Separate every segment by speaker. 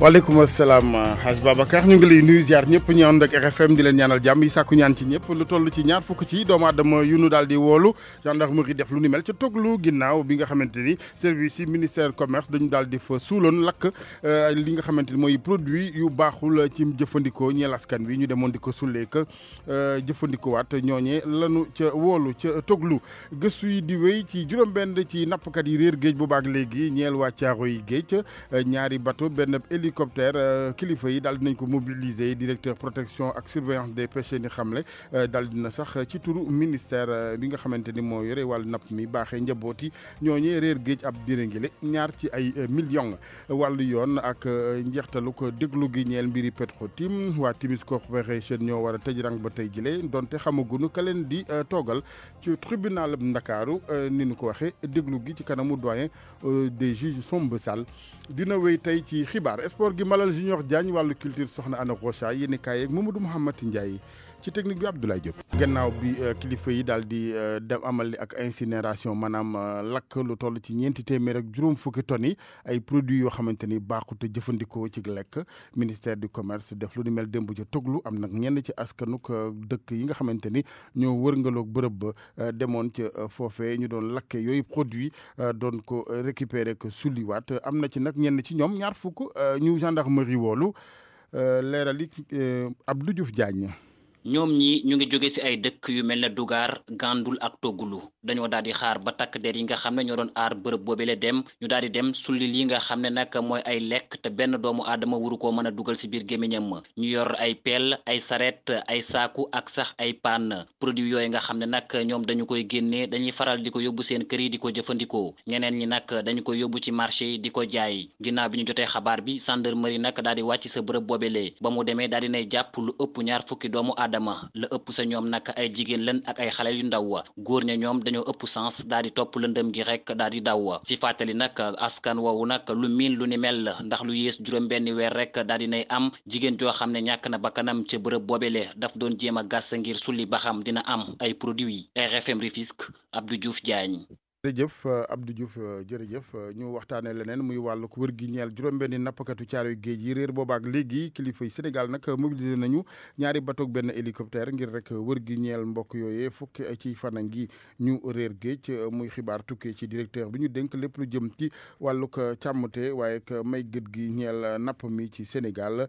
Speaker 1: waaleykum asalaam Hadj Babacar ñu ngi lay nuyu ziar ñëpp ñu ànd ak RFM di leen ñaanal jàmm yi sàkku ñaan ci ñëpp lu toll ci ñaar fukk ci doomu aadama yu nu daal di woolu gendarmerie def lu ni mel ca toglu ginnaaw bi nga xamante ni service yi ministère commerce dañu daal di fa suuloon lakk euh, li nga xamante ni mooy produit yu baaxul ci jëfandikoo ñeel askan wi ñu demoon di ko sullee ka euh, jëfandikoowaat ñooñee lanu ca woolu ca toglu gëstu yi di wéy ci juróom-benn ci nappkat yi réer géej boobaak léegi ñeel waa yi géej ñaari bato benn hélicoptère euh, kilifa yi daal dinañ ko mobiliser directeur protection ak surveillance des pêches ni xamlé euh, dal dina sax ci turu ministère euh, bi nga xamanteni mo yoré yore nap mi baxé njaboot yi ñooñee réer géej ab dirangile ñaar ci ay millions walu yoon ak njeextalu ko déglu gi ñeel mbiri Petro-Tim waa Timis Corporation ñoo war a tëj rang ba tey jile donte xamaguñu ka leen di togal ci tribunal Ndakaaru ni ñu ko waxé déglu gi ci kanamu doyen des juges sombe Sall dina wéy tay ci xibar sport gi Malal Junior Diagne wàllu culture soxna Ana Rocha yéen i kaay yeeg Mamadou Mouhamed Ndiaye ci technique bi Abdoulaye Diop. gannaaw bi euh, kilifa yi daal di euh, dem amal ak incinération maanaam euh, lakk lu toll ci ñeenti téeméer ak juróom fukki tonnes yi ay produits yoo xamante ni baaxut jëfandikoo ci lekk ministère du commerce def lu ni mel démb ca toglu am nag ñenn ci askanuk dëkk yi nga xamante ni ñoo wërngaloog bërëb ba demoon ca foofe ñu doon lakke yooyu produit doon ko récupérer ko sulliwaat am na ci nag ñenn ci ñoom ñaar fukk ñu gendarmerie woolu leerali Abdou Diouf Diagne.
Speaker 2: ñoom ñi ñu ngi jóge ci ay dëkk yu mel ne dugaar Gandul ak lu dañoo daal di xaar ba takk der yi nga xam ne ñoo doon aar bërëb boobele dem ñu daal di dem sulli li nga xam ne nag mooy ay lekk te benn doomu aadama wuru koo mën a dugal ci biir gémmiñam ma ñu yor ay peel ay saret ay saaku ak sax ay paan produit yooyu nga xam ne nag ñoom dañu koy génnee dañuy faral di ko yóbbu seen kër yi di ko jëfandikoo ñeneen ñi nag dañu koy yóbbu ci marché yi di ko jaay ginnaaw bi ñu jotee xabaar bi gendarmerie nag daal di sa bërëb boobele aadama la ëpp sa ñoom nag ay jigéen lan ak ay xale yu ndaw wa góor ña ñoom dañoo ëpp sens daal di topp lëndëm gi rek daal di daw wa ci fàttali nag askan woowu nag lu miin lu ni mel la ndax lu yées juróom benn weer rek daal di nay am jigéen joo xam ne ñàkk na bakkanam ca bërëb boobele daf doon jéem a gas ngir sulli baxam dina am ay produit yi RFM Rufisque Abdou Diouf Diagne
Speaker 1: jërëjëf euh, Abdou Diouf euh, jërëjëf euh, ñu waxtaanee leneen muy wàllu wër gi ñeel juróom-benni nappkatu caaroy géej yi réer boobaak léegi kilifa yi Sénégal nag mobilisé nañu ñaari batoog benn hélicoptère ngir rek wër gi ñeel mbokk yooyee fukki ci fana ngi ñu réer géej muy xibaar tukkee ci directeur bi ñu dénk lépp lu jëm ci wàllug càmmute waaye may gët gi ñeel napp mi ci Sénégal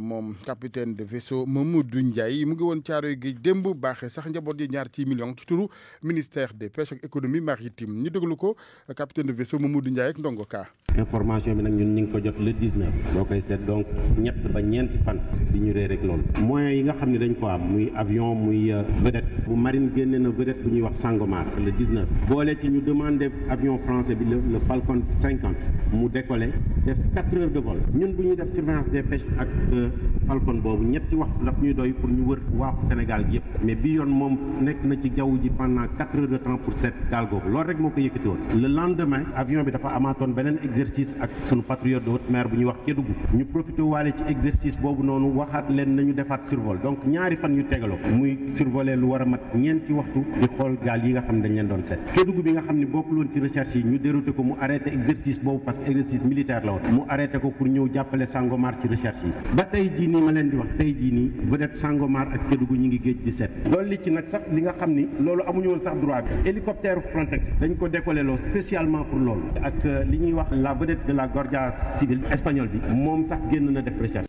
Speaker 1: moom capitaine de vaisseau Mamadou Ndiaye mu ngi woon caaroy géej démb baaxee sax njaboot yi ñaar ci million ci turu ministère des pêches ak économie maritime victime ñu déglu ko capitaine de vaisseau Mamadou Ndiaye ak Ndongo Ka
Speaker 3: information bi nak ñun ñu ko jot le 19 bokay set donc ñett ba ñeenti fan bi ñu ree rek lool moyen yi nga xamni dañ ko am muy avion muy euh, vedette bu marine génné na vedette bu ñuy wax Sangomar le 19 boole ci ñu demander avion français bi le le Falcon 50 mu décoller def 4 heures de vol ñun bu ñuy def surveillance des pêches ak euh, Falcon boobu ñetti waxtu daf ñuy doy pour ñu wër waaxu Sénégal yépp mais bi yoon mom nek na ci jaww ji pendant 4 heures de temps pour seet gaal googu loolu rek moko ko won le lendemain avion bi dafa amaatoon benen exercice exercice ak sunu patriote de haute mer bu ñuy wax Kédougou ñu profité walé ci exercice bobu nonu waxat leen nañu défat survol donc ñaari fan ñu tégalo muy survolé lu wara a mat ñeenti waxtu di xol gaal yi nga xam dañ leen doon sét Kédougou bi nga xam ni bokku woon ci recherche yi ñu dérouté ko mu arrêter exercice bobu parce que exercice militaire la woon mu arrêter ko pour ñëw jàppale Sangomar ci recherche yi ba tey jii nii ma leen di wax tey ni nii vedette Sangomar ak Kédougou ñi ngi géej di sét seet li ci nak sax li nga xam ni loolu amuñu won sax droit bi hélicoptère Frontex dañ ko décollé lo spécialement pour loolu ak li ñuy wax la vedette de la guardia civile espagnole bi moom
Speaker 1: sax génn na def recherche.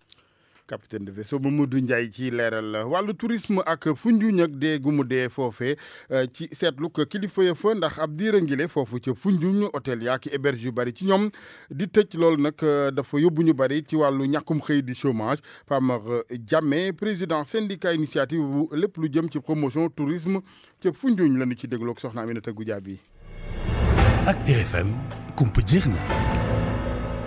Speaker 1: capitaine de vaisseau Mamadou Ndiaye ci leral walu tourisme ak Foundiougne ak dee gu mu dee euh, ci seetlu ko kilifa ya fa ndax ab diir a ngile foofu ca Foundiougne hôtel yaa ki héberge yu bëri ci ñom di tecc lool nak euh, dafa yóbbu ñu bari ci walu ñakum xey du chômage Famar jamé président syndicat initiative bu lépp lu jëm ci promotion tourisme ca Foundiougne lañu ci déglok soxna Aminata Goudiaby bi
Speaker 3: ak RFM kumpa jeex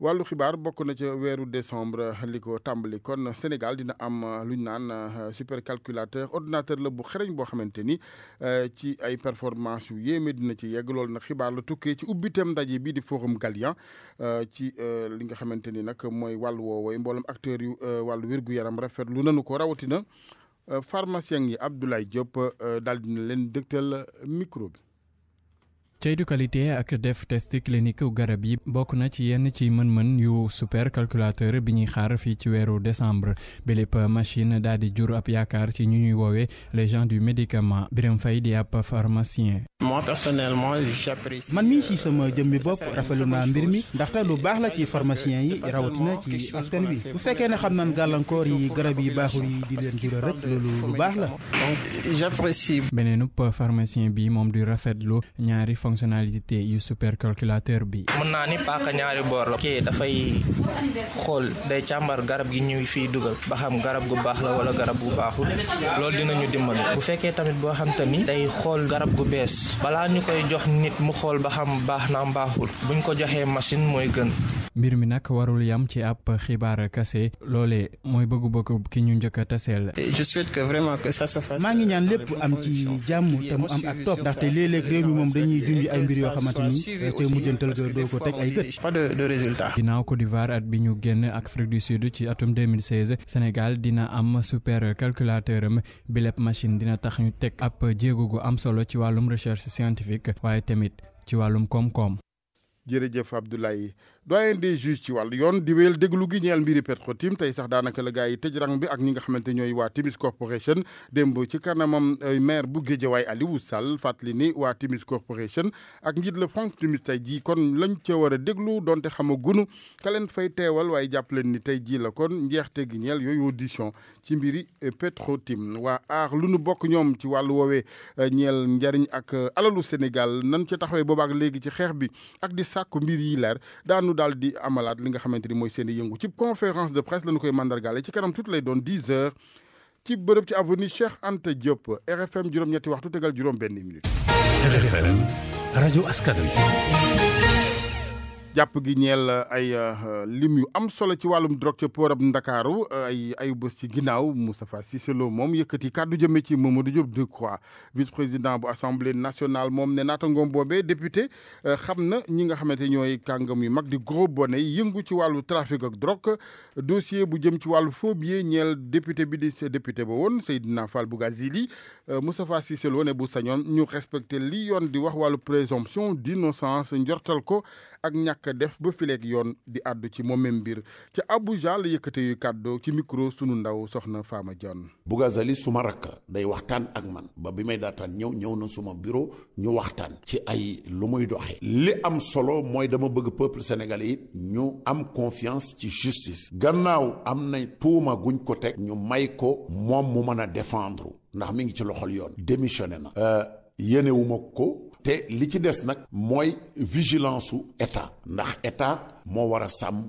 Speaker 1: wàllu xibaar bokk na ca weeru décembre li ko tàmbali kon Sénégal dina am euh, lu ñu naan euh, calculateur ordinateur la bu xereñ boo xamante ni euh, ci ay performance yu yéeme dina ci yegg loolu nag xibaar la tukkee ci ubbitam ndaje bii di forum Galien ci li nga xamante ni nag mooy wàllu woowooy mboolam acteur yu wàllu wirgu gu yaram rafetlu nanu ko rawatina pharmacien yi Abdoulaye Diop daal dina leen dëgtal micro bi.
Speaker 4: du qualité ak def test clinique garab yi bokk na ci yenn ci mën-mën yu super calculateur bi ñuy xaar fii ci weeru décembre bi machine daal di jur ab yaakaar ci ñu ñuy woowee les gens du médicament Birame Faye di ab pharmacien.
Speaker 3: moi personnellement j'apprécie
Speaker 1: man mii ci euh, sama bi bopp rafetlu naa mbir mi ndaxte lu baax la ci pharmacien yi rawatina ci askan wi bu fekkee ne xam naan gàllankoor yi garab yi baaxul yi di leen jural rek
Speaker 5: loolu lu baax la. donc j'apprécie.
Speaker 4: beneenub pharmacien bi moom di rafetlu ñaari fonctionnalité yu supercalculateur bi
Speaker 5: mën naa ni paaka ñaari boor la kii dafay xool day càmbar garab gi ñuy fii dugal ba xam garab gu baax la wala garab gu baaxul loolu dinañu dimbali bu fekkee tamit boo xam day garab gu
Speaker 4: jox nit mu xool ba xam baax na baaxul buñ ko joxee machine mooy gën mbir mi warul yam ci xibaar kase loolee mooy bëgg-bëgg ki ñu njëkk a je souhaite que vraiment que ça se fasse ngi ñaan am ci jàmm te mu am ak réew mi
Speaker 3: dañuy suivi ay mbir yoo xamante ni te mujjantal ga doo ko teg
Speaker 4: ay gët. pas de résultat. ginnaaw Côte d'Ivoire at bi ñu génn Afrique du Sud ci atum 2016 dina am super calculateur am bi lépp machine dina tax ñu teg ab jéego gu am solo ci wàllum recherche scientifique waaye tamit ci wàllum koom-koom.
Speaker 1: doyen des juges ci wàllu yoon di wéyal déglu gi ñeel mbiri Petro-Tim tey sax daanaka la gars yi tëj rang bi ak ñi nga xamante ñooy waa Timis Corporation démb ci kanamam euh, maire bu Guédiawaye Aliou sal fàttali ni waa Timis Corporation ak njiit la Franck Timis tey jii kon lañ ca war a déglu donte xamagunu ka leen fay teewal waaye jàpp leen ni tey jii la kon njeexte gi ñeel yooyu audition ci mbiri euh, Petro-Tim waa aar lu nu bokk ñoom ci wàllu woowe euh, ñeel njariñ ak alalu Sénégal nan ca taxawee boobaak léegi ci xeex bi ak di sàkku mbir yi leer dal di amalat li nga xamanteni moy mooy seen yëngu ci conférence de presse la koy mandargalé ci kanam toutes lay doon 10 heures ci bërëb ci avenue Cheikh Anta Diop RFM juroom ñetti waxtu tégal juroom benn minute.
Speaker 3: RFM Radio askan
Speaker 1: jàpp gi ñeel uh, ay uh, uh, lim yu am solo ci wàllum drogue ci poorab ndakaaru ay ay bés ci ginnaaw Moustapha Cissé Lo moom yëkkati kàddu jëme ci Mamadou Diop Decroix vice président bu assemblée nationale moom ne naatangoom boobee député xam na ñi nga xamante ñooy kàngam yu mag di gros bonnet yëngu ci wàllu trafic ak drogue dossier bu jëm ci wàllu faux billets ñeel député bi di député ba woon Seydina Fall Bougazelli Moustapha Cissé Lo ne bu sañoon ñu respecté li yoon di wax wàllu présomption d'innocence njortal ko ak ñàkk ñàkk def ba fileeg yoon di àddu ci moom mbir ca Abuja la yëkkate yu kàddu ci micro sunu ndaw soxna Fama Dione Bougazelli
Speaker 3: suma rakk day waxtaan ak man ba bi may daataan ñëw ñëw na suma bureau ñu waxtaan ci ay lu muy doxee li am solo mooy dama bëgg peuple sénégalais it ñu am confiance ci justice gannaaw am na tuuma guñ ko teg ñu may ko moom mu mën a défendre ndax mu ngi ci loxol yoon démissionné na euh, yéenewuma ko te li ci des nag mooy vigilance su état ndax état moo war a sàmm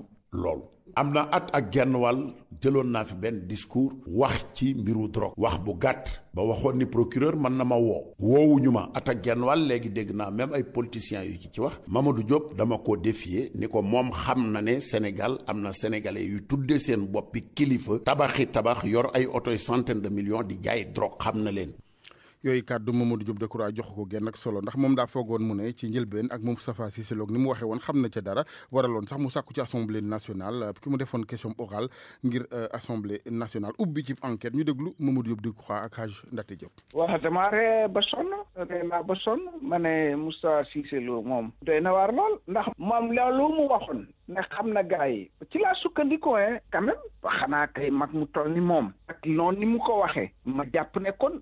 Speaker 3: loolu am na at ak genn wàll jëloon naa fi benn discours wax ci mbiru drogue wax bu gàtt ba waxoon ni procureur mën na ma woo woowuñu ma at ak genn wàll léegi dégg naa même ay politiciens yu ci ci wax Mamadou Diop dama ko défier ni ko moom xam na ne Sénégal am na sénégalais yu tuddee seen boppi kilifa tabaxi tabax yor ay oto centaine de millions di jaay drogue xam na leen
Speaker 1: yooyu kàddu Mamadou Diop Decroix jox ko genn ak solo ndax moom daa foogoon mu ne ci njëlbeen ak moom Moustapha Cissé Lo ni mu waxee woon xam na ca dara waraloon sax mu sàkku ci assemblée nationale euh, ki mu defoon question orale ngir euh, assemblée nationale ubbi ci enquête ñu déglu Mamadou Diop Decroix ak Hadj Ndate Diop.
Speaker 6: waaw damaa ree ba sonn ree naa ma ne Moustapha Cissé Lo moom. doy na waar ndax moom loolu mu waxoon. ne xam na gars yi ci laa sukkandiku hein quand même xanaa kay mu toll ni moom ak ni mu ko waxee ma jàpp ne kon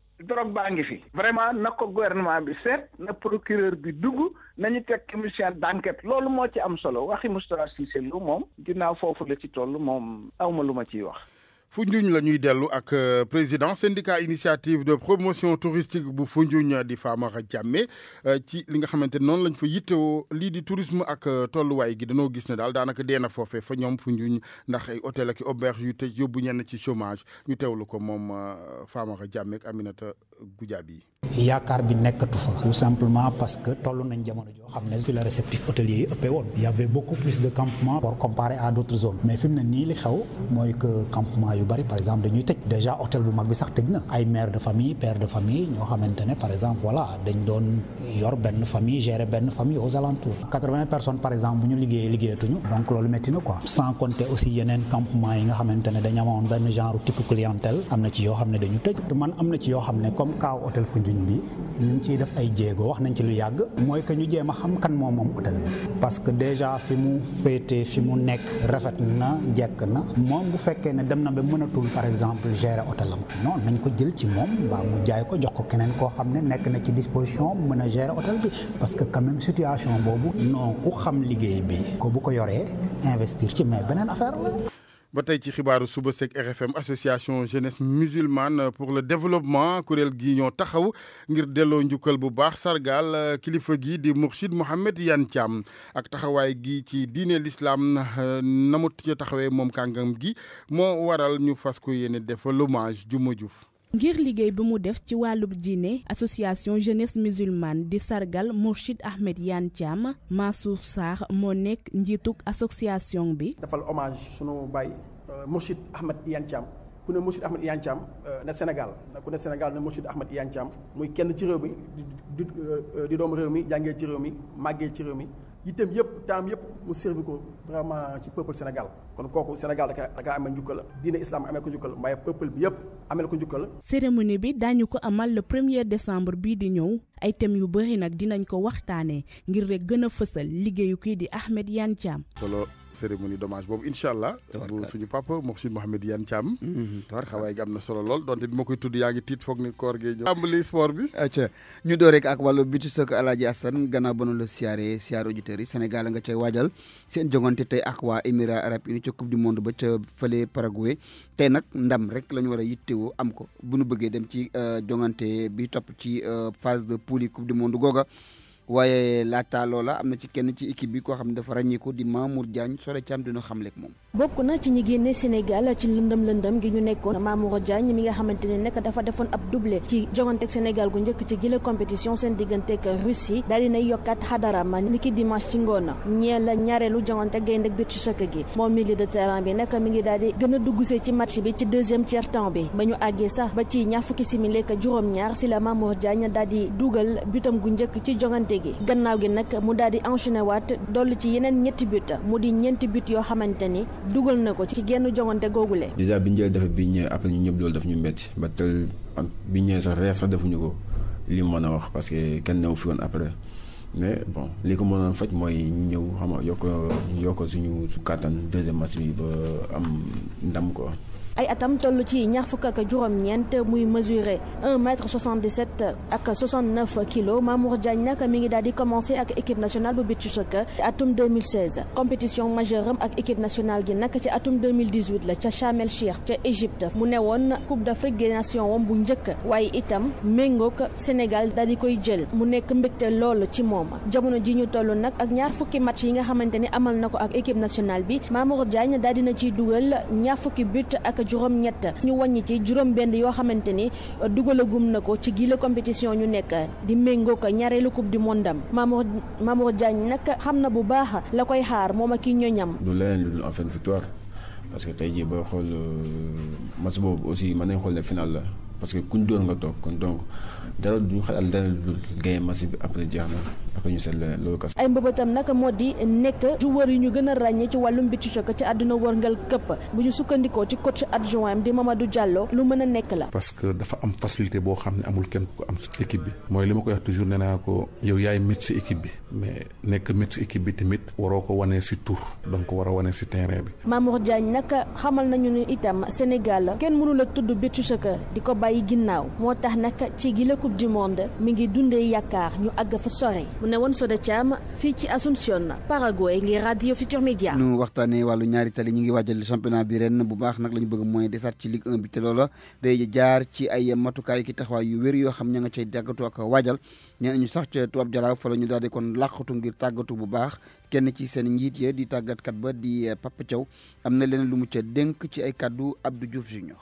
Speaker 6: drogue baa ngi fi vraiment na ko gouvernement bi seet na procureur bi dugg nañu teg commission d'enquête loolu moo ci am solo waxi Moustapha Cissé Lo moom ginnaaw foofu la ci toll moom awma lu ma ciy wax
Speaker 1: Foundiougne la ñuy dellu ak euh, président syndicat initiative de promotion touristique bu Foundiougne di Famara Diame euh, ci li nga xamante ne noonu lañ fa yittewoo lii di tourisme ak euh, tolluwaay gi dañoo gis ne daal daanaka dee na foofee fa ñoom Foundiougne ndax ay hôtel ak auberge yu tëj yóbbu ñenn ci chômage ñu teewlu ko moom Famara Diame ak Aminata Goudiaby
Speaker 7: yaakaar bi nekkatu fa tout simplement parce que toll nañ jamono joo xam ne fi la réceptif hôtelier yi ëppee woon y avait beaucoup plus de campements pour comparer à d'autres zones mais fi mu ne nii li xew mooy que campement yu bari par exemple dañuy tëj déjà hôtel bu mag bi sax tëj na ay mère de famille père de famille ñoo xamante ne par exemple voilà dañ doon yor benn famille gérer benn famille aux alentours quatre personnes par exemple bu ñu liggéey liggéeyatuñu donc loolu metti na quoi sans compter aussi yeneen campement yi nga xamante ne dañ amoon benn genre type clientèle am na ci yoo xam ne dañu tëj man am na ci yoo xam ne comme kaw hôtel Foundiougne sëriñ bi ñu ngi ciy def ay jéego wax nañ ci lu yàgg mooy que ñu jéem a xam kan moo moom hôtel bi parce que déjà fi mu féete fi mu nekk rafet na jekk na moom bu fekkee ne dem na ba mënatul par exemple gérer hôtelam non nañ ko jël ci moom mbaa mu jaay ko jox ko keneen koo xam ne nekk na ci disposition mën a gérer hôtel bi parce que quand situation boobu noo ku xam liggéey bi ko bu ko yoree investir ci mais beneen affaire la
Speaker 1: ba ci RFM association jeunesse musulmane pour le développement Kurel gi ñoo taxaw ngir delloo njukkal sargal euh, kilifa gi di Mourchid Mohamed Yan Thiam ak taxawaay gi ci l'islam euh, namut ca taxawee moom gi waral ñu fas ko
Speaker 8: ngir liggéey bi mu def ci wàllub diine association jeunesse musulmane di sargal Mourchid Ahmed Yane Thiam Mansour Sarr moo nekk njiitug association bi. dafal hommage sunu baay euh, Mourchid Ahmed Yane Thiam ku ne Mourchid Ahmed Yane Thiam euh, ne Sénégal
Speaker 1: ku ne Sénégal ne Mourchid Ahmed Yane Thiam muy kenn ci réew mi di di euh, doomu réew mi jàngee ci réew mi màggee ci réew mi itam yëpp. temps yëpp mu servi ko vraiment ci peuple Sénégal
Speaker 3: kon kooku Sénégal da kaa amee njukkal diine islam amee ko njukkal waaye peuple bi yëpp amee ko njukkal.
Speaker 8: cérémonie bi daañu ko amal le premier décembre bii di ñëw ay thèmes yu bëri nag dinañ ko waxtaanee ngir rek gën a fësal liggéeyu kii di Ahmed Yane Thiam.
Speaker 1: solo cérémonie d'hommage boobu incha allah bu suñu papa Mokhsin Mohamed Yan Thiam mhm, taxawaay gi am na solo lool donte bi ma koy tudd yaa ngi
Speaker 5: tiit foog ni koor gi ñëw tàmbali sport bi acca ñu door rek ak wàllu bitu soog Alaaji Assane gannaaw ba nu la siyaare siyaare auditeurs yi Sénégal nga cay waajal seen jongante tey ak waa Émirats Arabes Unis ca coupe du monde ba ca fële Paraguay tey nag ndam rek la ñu war a yittewoo am ko bu nu bëggee dem ci euh, jongante bi topp ci euh, phase de poule coupe du monde googa waaye laataa lola am na ci kenn ci équipe bi koo xam ne dafa ràññeeku di Mamour Diagne sore ci am dina xam lek moom
Speaker 8: bokk na ci ñi génne Sénégal ci lëndëm lëndëm gi ñu nekkoon Mamour Diagne mi nga xamante ne nekk dafa defoon ab doublé ci jogante Sénégal gu njëkk ci gile compétition seen diggante ak Russie daal dinay yokkaat xadarama ni ki dimanche ci ngoon ñee la ñaareelu jogante gaynde ak biir ci sëkk gi moom milieu de terrain bi nag mi ngi daal di gën a ci match bi ci deuxième tiers temps bi ba ñu àggee sax ba ci ñaar fukki simili ak juróom-ñaar si la Mamour Diagne daal di dugal butam gu njëkk ci jogante jongante gannaaw gi nag mu daal di enchaîné waat dolli ci yeneen ñetti but mu di ñeenti but yoo xamante ni dugal na ko ci genn jongante googule.
Speaker 6: dèjà bi ñu jëlee dafa bi ñëwee après ñu ñëpp loolu daf ñu metti ba tel
Speaker 1: bi ñëwee sax reer sax defuñu ko li mën a wax parce que kenn newu fi woon après. mais bon li ko mënoon faj mooy ñu ñëw xam nga yokk yokk suñu su kàttan deuxième match bi ba am ndam ko
Speaker 8: ay atam toll ci ñaar fukk ak juróom ñent muy mesurer 1 mètre 77 ak 69 kilos Mamour Diagne nak mi ngi daal di ak équipe nationale bu bitu soccer atum 2016 compétition majeure ak équipe nationale gi nak ci atum 2018 la ci chamel el Sheikh ca Égypte mu newon Coupe d'Afrique des Nations wam bu njëkk waye itam Mengok Sénégal daal di koy jël mu nekk mbekté lool ci moom jamono ji ñu tollu nak ak ñaar fukki match yi nga xamanteni amal nako ko ak équipe nationale bi Mamour Diagne daal dina ci duggal ñaar fukki but ak ak juróom-ñett ñu wàññi ci juróom-benn yoo xamante ni dugalagum na ko ci gile compétition ñu nekk di méngoo ko ñaareelu coupe du monde am Mamour Mamour Diagne nag xam na bu baax la koy xaar moom ak kii ñoñam.
Speaker 1: du leneen lu en fait victoire parce que tey jii booy xool euh, match boobu aussi mën nañ xool ne final la. parce que kuñ doon nga toog kon donc dara duñu xalaat dara lu gaye match bi après jeex na après ñu
Speaker 8: moo di nekk joueur yu ñu gën a ràññee ci wàllum beach soccer ci àdduna wërngal këpp bu ñu sukkandikoo ci coach adjoint am di Mamadou Diallo lu mën a nekk la
Speaker 1: parce que dafa am
Speaker 3: facilité boo xam ne amul kenn ku ko am si équipe bi mooy li ma ko wax toujours nee naa ko yow yaay mit si équipe bi mais nekk mit si équipe bi tamit waroo ko wanee si donc war a wanee si terrain bi
Speaker 8: Mamour Diagne nag xamal nañu ne itam Sénégal kenn mënu la tudd beach soccer di ko bàyyi bàyyi ginnaaw moo tax nag ci gi la coupe du monde mi ngi dundee yaakaar ñu àgg fa sore mu ne woon Soda Thiam fii ci Asunción Paraguay ngir radio Futur Media.
Speaker 5: ñu waxtaanee wàllu ñaari tali ñu ngi waajal championnat bi ren bu baax nag la ñu bëgg mooy desaat ci Ligue 1 bi te loola day jaar ci ay matukaay ki taxawaay yu wér yoo xam ña nga cee jàggatu ak waajal ñeen ñu sax ca tubaab jalaaw fa la ñu daal di kon làqatu ngir tàggatu bu baax kenn ci seen njiit ya di tàggatkat ba di Papa Thiaw am na leneen lu mu dénk ci ay kàddu Abdou Diouf Junior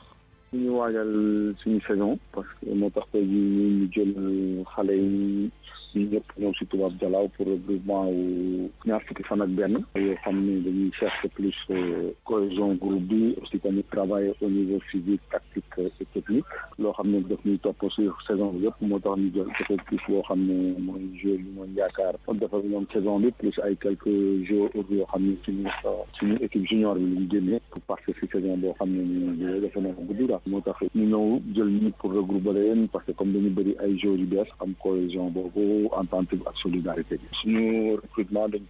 Speaker 9: ñu waajal saison parce que mon père dit ñi ñëpp ñëw si Touba Dialaw pour regroupement wu ñaar fukki fan ak benn yoo xam ni dañuy cherche plus euh, cohésion groupe bi aussi tamit travail au niveau physique tactique et technique loo xam ne daf ñuy topp sur saison bi yëpp moo tax ñu jël effectif boo xam ne mooy jeu yi mooy yaakaar defal ñoom saison bi plus ay quelques jours yoo xam ne suñu suñu équipe junior bi ñu génnee pour passer si saison boo xam ne ñu defe na ko guddi daal moo tax ñu ñëw jël ñi pour regrouper leen parce que comme dañu bëri ay jours yu bees am cohésion boobu en tant que solidarité Nous, recrutement dañ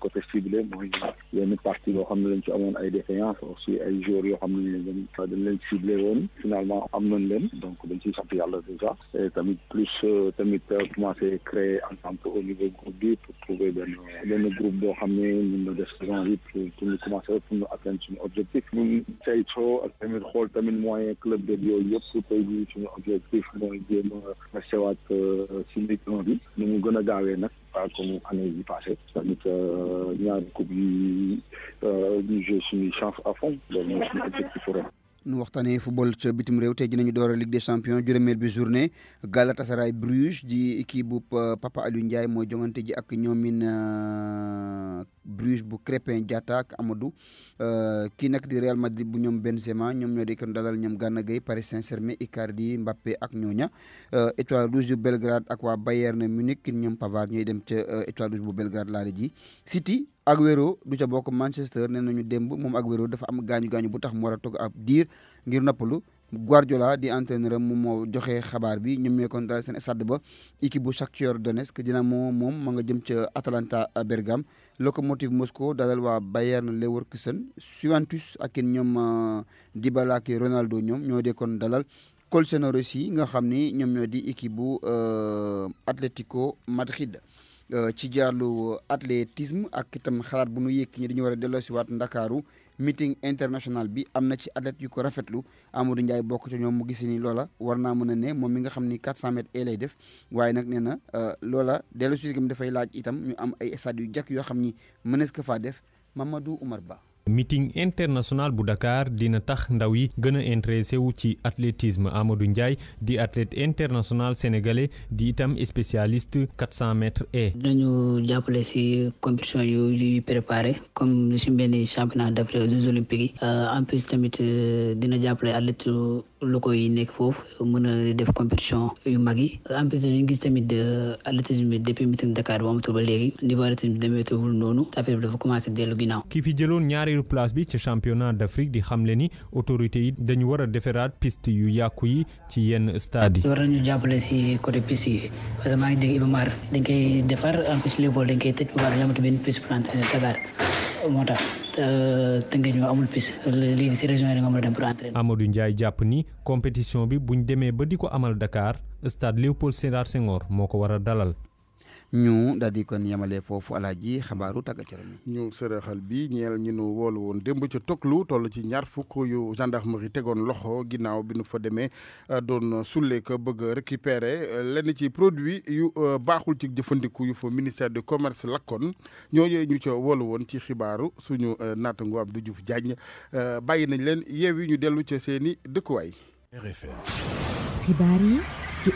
Speaker 9: côté ciblé mooy yenn partie xam ne ci amoon ay aussi ay joueurs yoo xam ne ciblé finalement am nañ leen donc dañ ciy sant yàlla déjà et tamit plus euh, tamit euh, commencé créer en tant au niveau groupe pour trouver benn groupe boo xam def pour pour pour atteindre suñu objectif ñun trop ak moyen club de yooyu yëpp objectif mooy jéem a saison bi nu mu gën a gaawee nag pas comme année i passée c'est-à-dire que euh, ñaari coupe yi ñu euh, joué suñuy chance à fond loolu mooy suñu objectif ren
Speaker 5: nu waxtaanee football ca bitim réew tey dinañu door a Ligue des champions juróomeel bi journée Galatasaray Bruges ji équipe bu Papa Aliou Ndiaye mooy jongante ji ak ñoomin euh, Bruges bu Crépin Diatta ak Amadou euh, kii nag di Real Madrid bu ñoom Benzema ñoom ñoo di kon dalal ñoom Gana Gueye Paris Saint-Germain Icardi Mbappé ak ñooña euh, Étoile Rouge bu Belgrade ak waa Bayern Munich ñoom Pavard ñooy dem ca Étoile bu Belgrade laale ji City Aguero du ca bokk Manchester nee nañu démb mom Aguero dafa am gaañu gaañu bu tax mu war a ab ngir Guardiola di entraîneur mom moo joxe xabaar bi ñoom ñooy kontaan seen stade ba équipe bu Shakhtar Donetsk Dinamo mom ma nga jëm Atalanta Bergam, Lokomotiv Moscou dalal Bayern Leverkusen Juventus ak ñoom uh, Dybala ak Ronaldo ñoom ñoo kon dalal Colchonero yi nga xam ni ñoom di équipe bu uh, Atletico Madrid. Euh, ci jàllu athlétisme ak itam xalaat bu nu yëkk ñi dañu war a delloosiwaat ndakaaru meeting international bi am na ci athlète yu ko rafetlu Amadou Ndiaye bokk ci ñoom mu gis ni loola war naa mën a ne moom mi nga xam ni 400 mètres ee lay def waaye nag nee na euh, loola delloosiwaat dafay laaj itam ñu am ay stade yu jàkk yoo xam ni mënees ka faa def Mamadou Oumar Ba.
Speaker 4: meeting international bu Dakar dina tax ndaw yi gën a intéressé wu ci athlétisme Amadou Ndiaye di athlète international sénégalais di itam spécialiste 400 mètres et.
Speaker 2: dañu jàppale si compétition yu yu préparé comme lu si mel ni championnat d'Afrique jeux olympiques yi euh, en tamit euh, dina jàppale athlète locaux yi nekk foofu mën a def compétition yu mag yi en plus ñu gis tamit euh, depuis meeting Dakar bu amatul ba léegi niveau athlétisme bi demeetewul noonu affaire bi dafa commencé dellu ginnaaw
Speaker 4: ki fi jëloon ñaareelu place bi ci championnat d'Afrique di xamle ni autorité yi dañu war a deferaat piste yu yàqu yi ci yenn stade
Speaker 2: war nañu jàppale si côté piste yi parce que maa ngi dégg Ibamar dañ defar en plus léegi tëj bu baax dañu benn piste plantée moo tax euh, Tëngéej moom
Speaker 4: Ndiaye jàpp ni compétition bi buñ demee
Speaker 5: ba di ko amal Dakar stade Léopold Sédar Senghor moo ko war a dalal. ñu daal di kon yemale foofu alaaji xabaaru tàggatëram
Speaker 1: ñu sërëxal bi ñeel ñu nu wool woon démb ca toglu toll ci ñaar fukk yu gendarmerie tegoon loxo ginnaaw bi nu fa demee euh, doon sulle ko bëgg récupérer euh, lenn ci produit yu euh, baaxul ci jëfandiku yu fa ministère du commerce lakkoon ñooñu ñu ca woolu woon ci xibaaru suñu naatango Abdou Diouf Diagne bàyyi nañ leen yeew yi ñu dellu ca seeni dëkkuwaay. xibaar yi. ci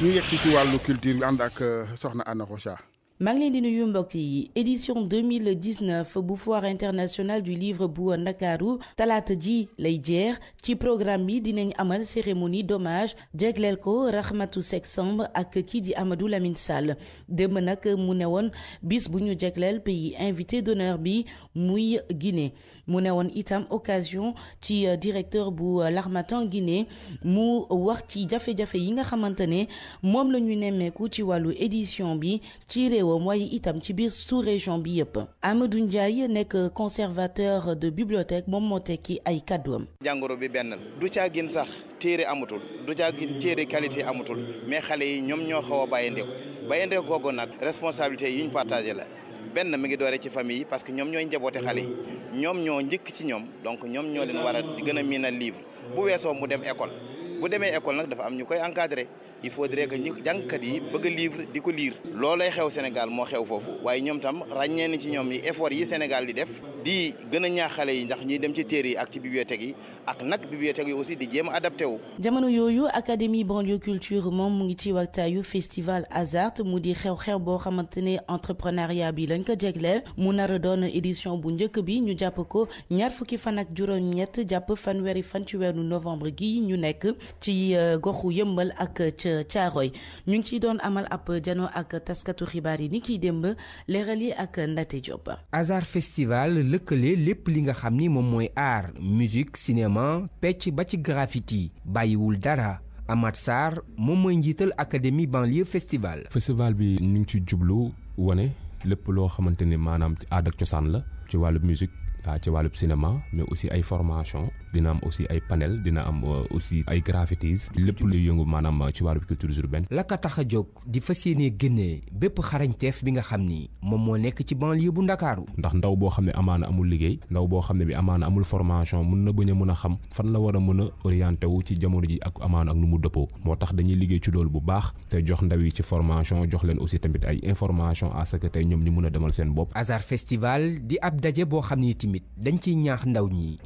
Speaker 1: ñu yegg si ci wàllu culture bi ànd ak euh, soxna Anna Rocha.
Speaker 10: maa ngi édition 2019 bu international internationale du livre bu Nakaru, Talatji ji lay programme bi amal cérémonie d'hommage jegleel ko Rahmatou Seck di Amadou Lamine sal démb nag bis bu ñu pays invité d'honneur bi Mouy Guinée mu itam occasion ci directeur Bou l'Armatan Guinée Mou Warti ci jafe-jafe yi nga xamante mom moom édition bi ci mooy itam ci biir sous-région bi yëpp Amadou Ndiaye nekk conservateur de bibliothèque moom moo tekki ay kàdduwam
Speaker 5: jàngoro bi benn du tia gin sax téré amatul du tia gin téré qualité amatul mais xalé yi ñom ñoom ñoo xaw a bàyyindeku ko gogo nak responsabilité yi ñu partagé la benn mi ngi doore ci famille parce que ñoom ñooy njaboote xalé yi Ñom ño njëkk ci ñom, donc ñom ño leen wara a gën a livre bu wéso mu dem école bu démé école nak dafa am ñukoy encadrer il faudrait que ñu jàngkat yi bëgg livre di ko lire. loolay xew Sénégal moo xew foofu waaye ñoom tam ràññee na ci ñoom yi effort yi Sénégal di def di gën a ñaax yi ndax ñuy dem ci téere yi ak ci bibliothèque yi ak nag bibliothèque yi aussi di jéem adapté wu.
Speaker 10: jamono yooyu académie banlieue culture moom mu ngi ci waxtaayu festival Hazard mu di xew-xew boo xamante ne entrepreneuriat bi lañ ko jegleel mu nar a doon édition bu njëkk bi ñu jàpp ko ñaar fukki fan ak juróom-ñett jàpp fanweeri fan ci weeru novembre gi ñu nekk ci euh, goxu yëmbal ak ca nous ñu amal jano ak taskatu ni
Speaker 6: Azar festival lëkkale lépp li nga xam art musique cinéma pecc graffiti bàyyiwul dara. Amath Sar moom académie banlieue festival. festival bi ñu ci jublu
Speaker 3: wane lépp loo xamante ni maanaam la musique ci cinéma mais aussi ay formation dina am aussi ay panel dina am euh, aussi ay graffitis lépp luy
Speaker 6: yëngu maanaam ci wàllu culture urbaine. la tax a jóg di fas yéenee génnee bépp xarañteef bi nga xam ni moom moo nekk ci banlieue bu Ndakaaru. ndax ndaw boo xam ne amaana amul liggéey ndaw boo xam ne bi
Speaker 3: amaana amul formation mun na bañ a mën a xam fan la war a mën a orienté wu ci jamono ji ak amaana ak nu mu dëppoo moo tax dañuy liggéey ci loolu bu baax te jox ndaw yi ci formation jox leen aussi tamit ay information
Speaker 6: à que tey ñoom ñu mun a demal seen bopp. Azar festival di ab daje boo xam ni tamit dañ ciy ñaax ndaw ñi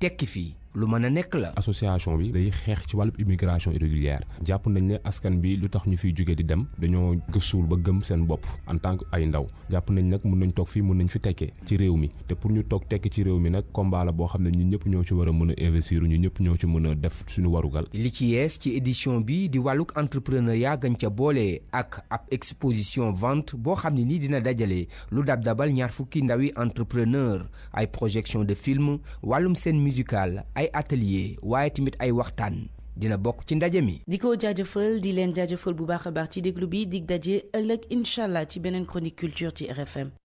Speaker 6: tekki fii lu mën a nekk la. association bi day xeex ci wàllu
Speaker 3: immigration irrégulière jàpp nañ ne askan bi lu tax ñu fiy jóge di dem dañoo gëstuwul ba gëm seen bopp en tant que ay ndaw jàpp nañ nag mën nañ toog fii mën nañ fi tekkee ci réew mi te pour ñu toog tekk ci réew mi nag combat la boo xam ne ñun ñëpp ñoo ci war a mën a investir ñun ñëpp ñoo ci mën a def suñu warugal.
Speaker 6: li ci yees ci édition bi di wàllug entrepreneuriat gañ ca boole ak ab exposition vente boo xam ne nii dina dajale lu dab dabal ñaar fukki ndawi entrepreneur ay projection de film wàllum scène musicale ay ay atelier waaye tamit ay waxtaan dina bokk ci ndaje mi.
Speaker 10: di ko jaajëfal di leen jaajëfal bu baax a baax ci déglu bi dig daje ëllëg incha
Speaker 9: allah ci beneen chronique culture ci RFM.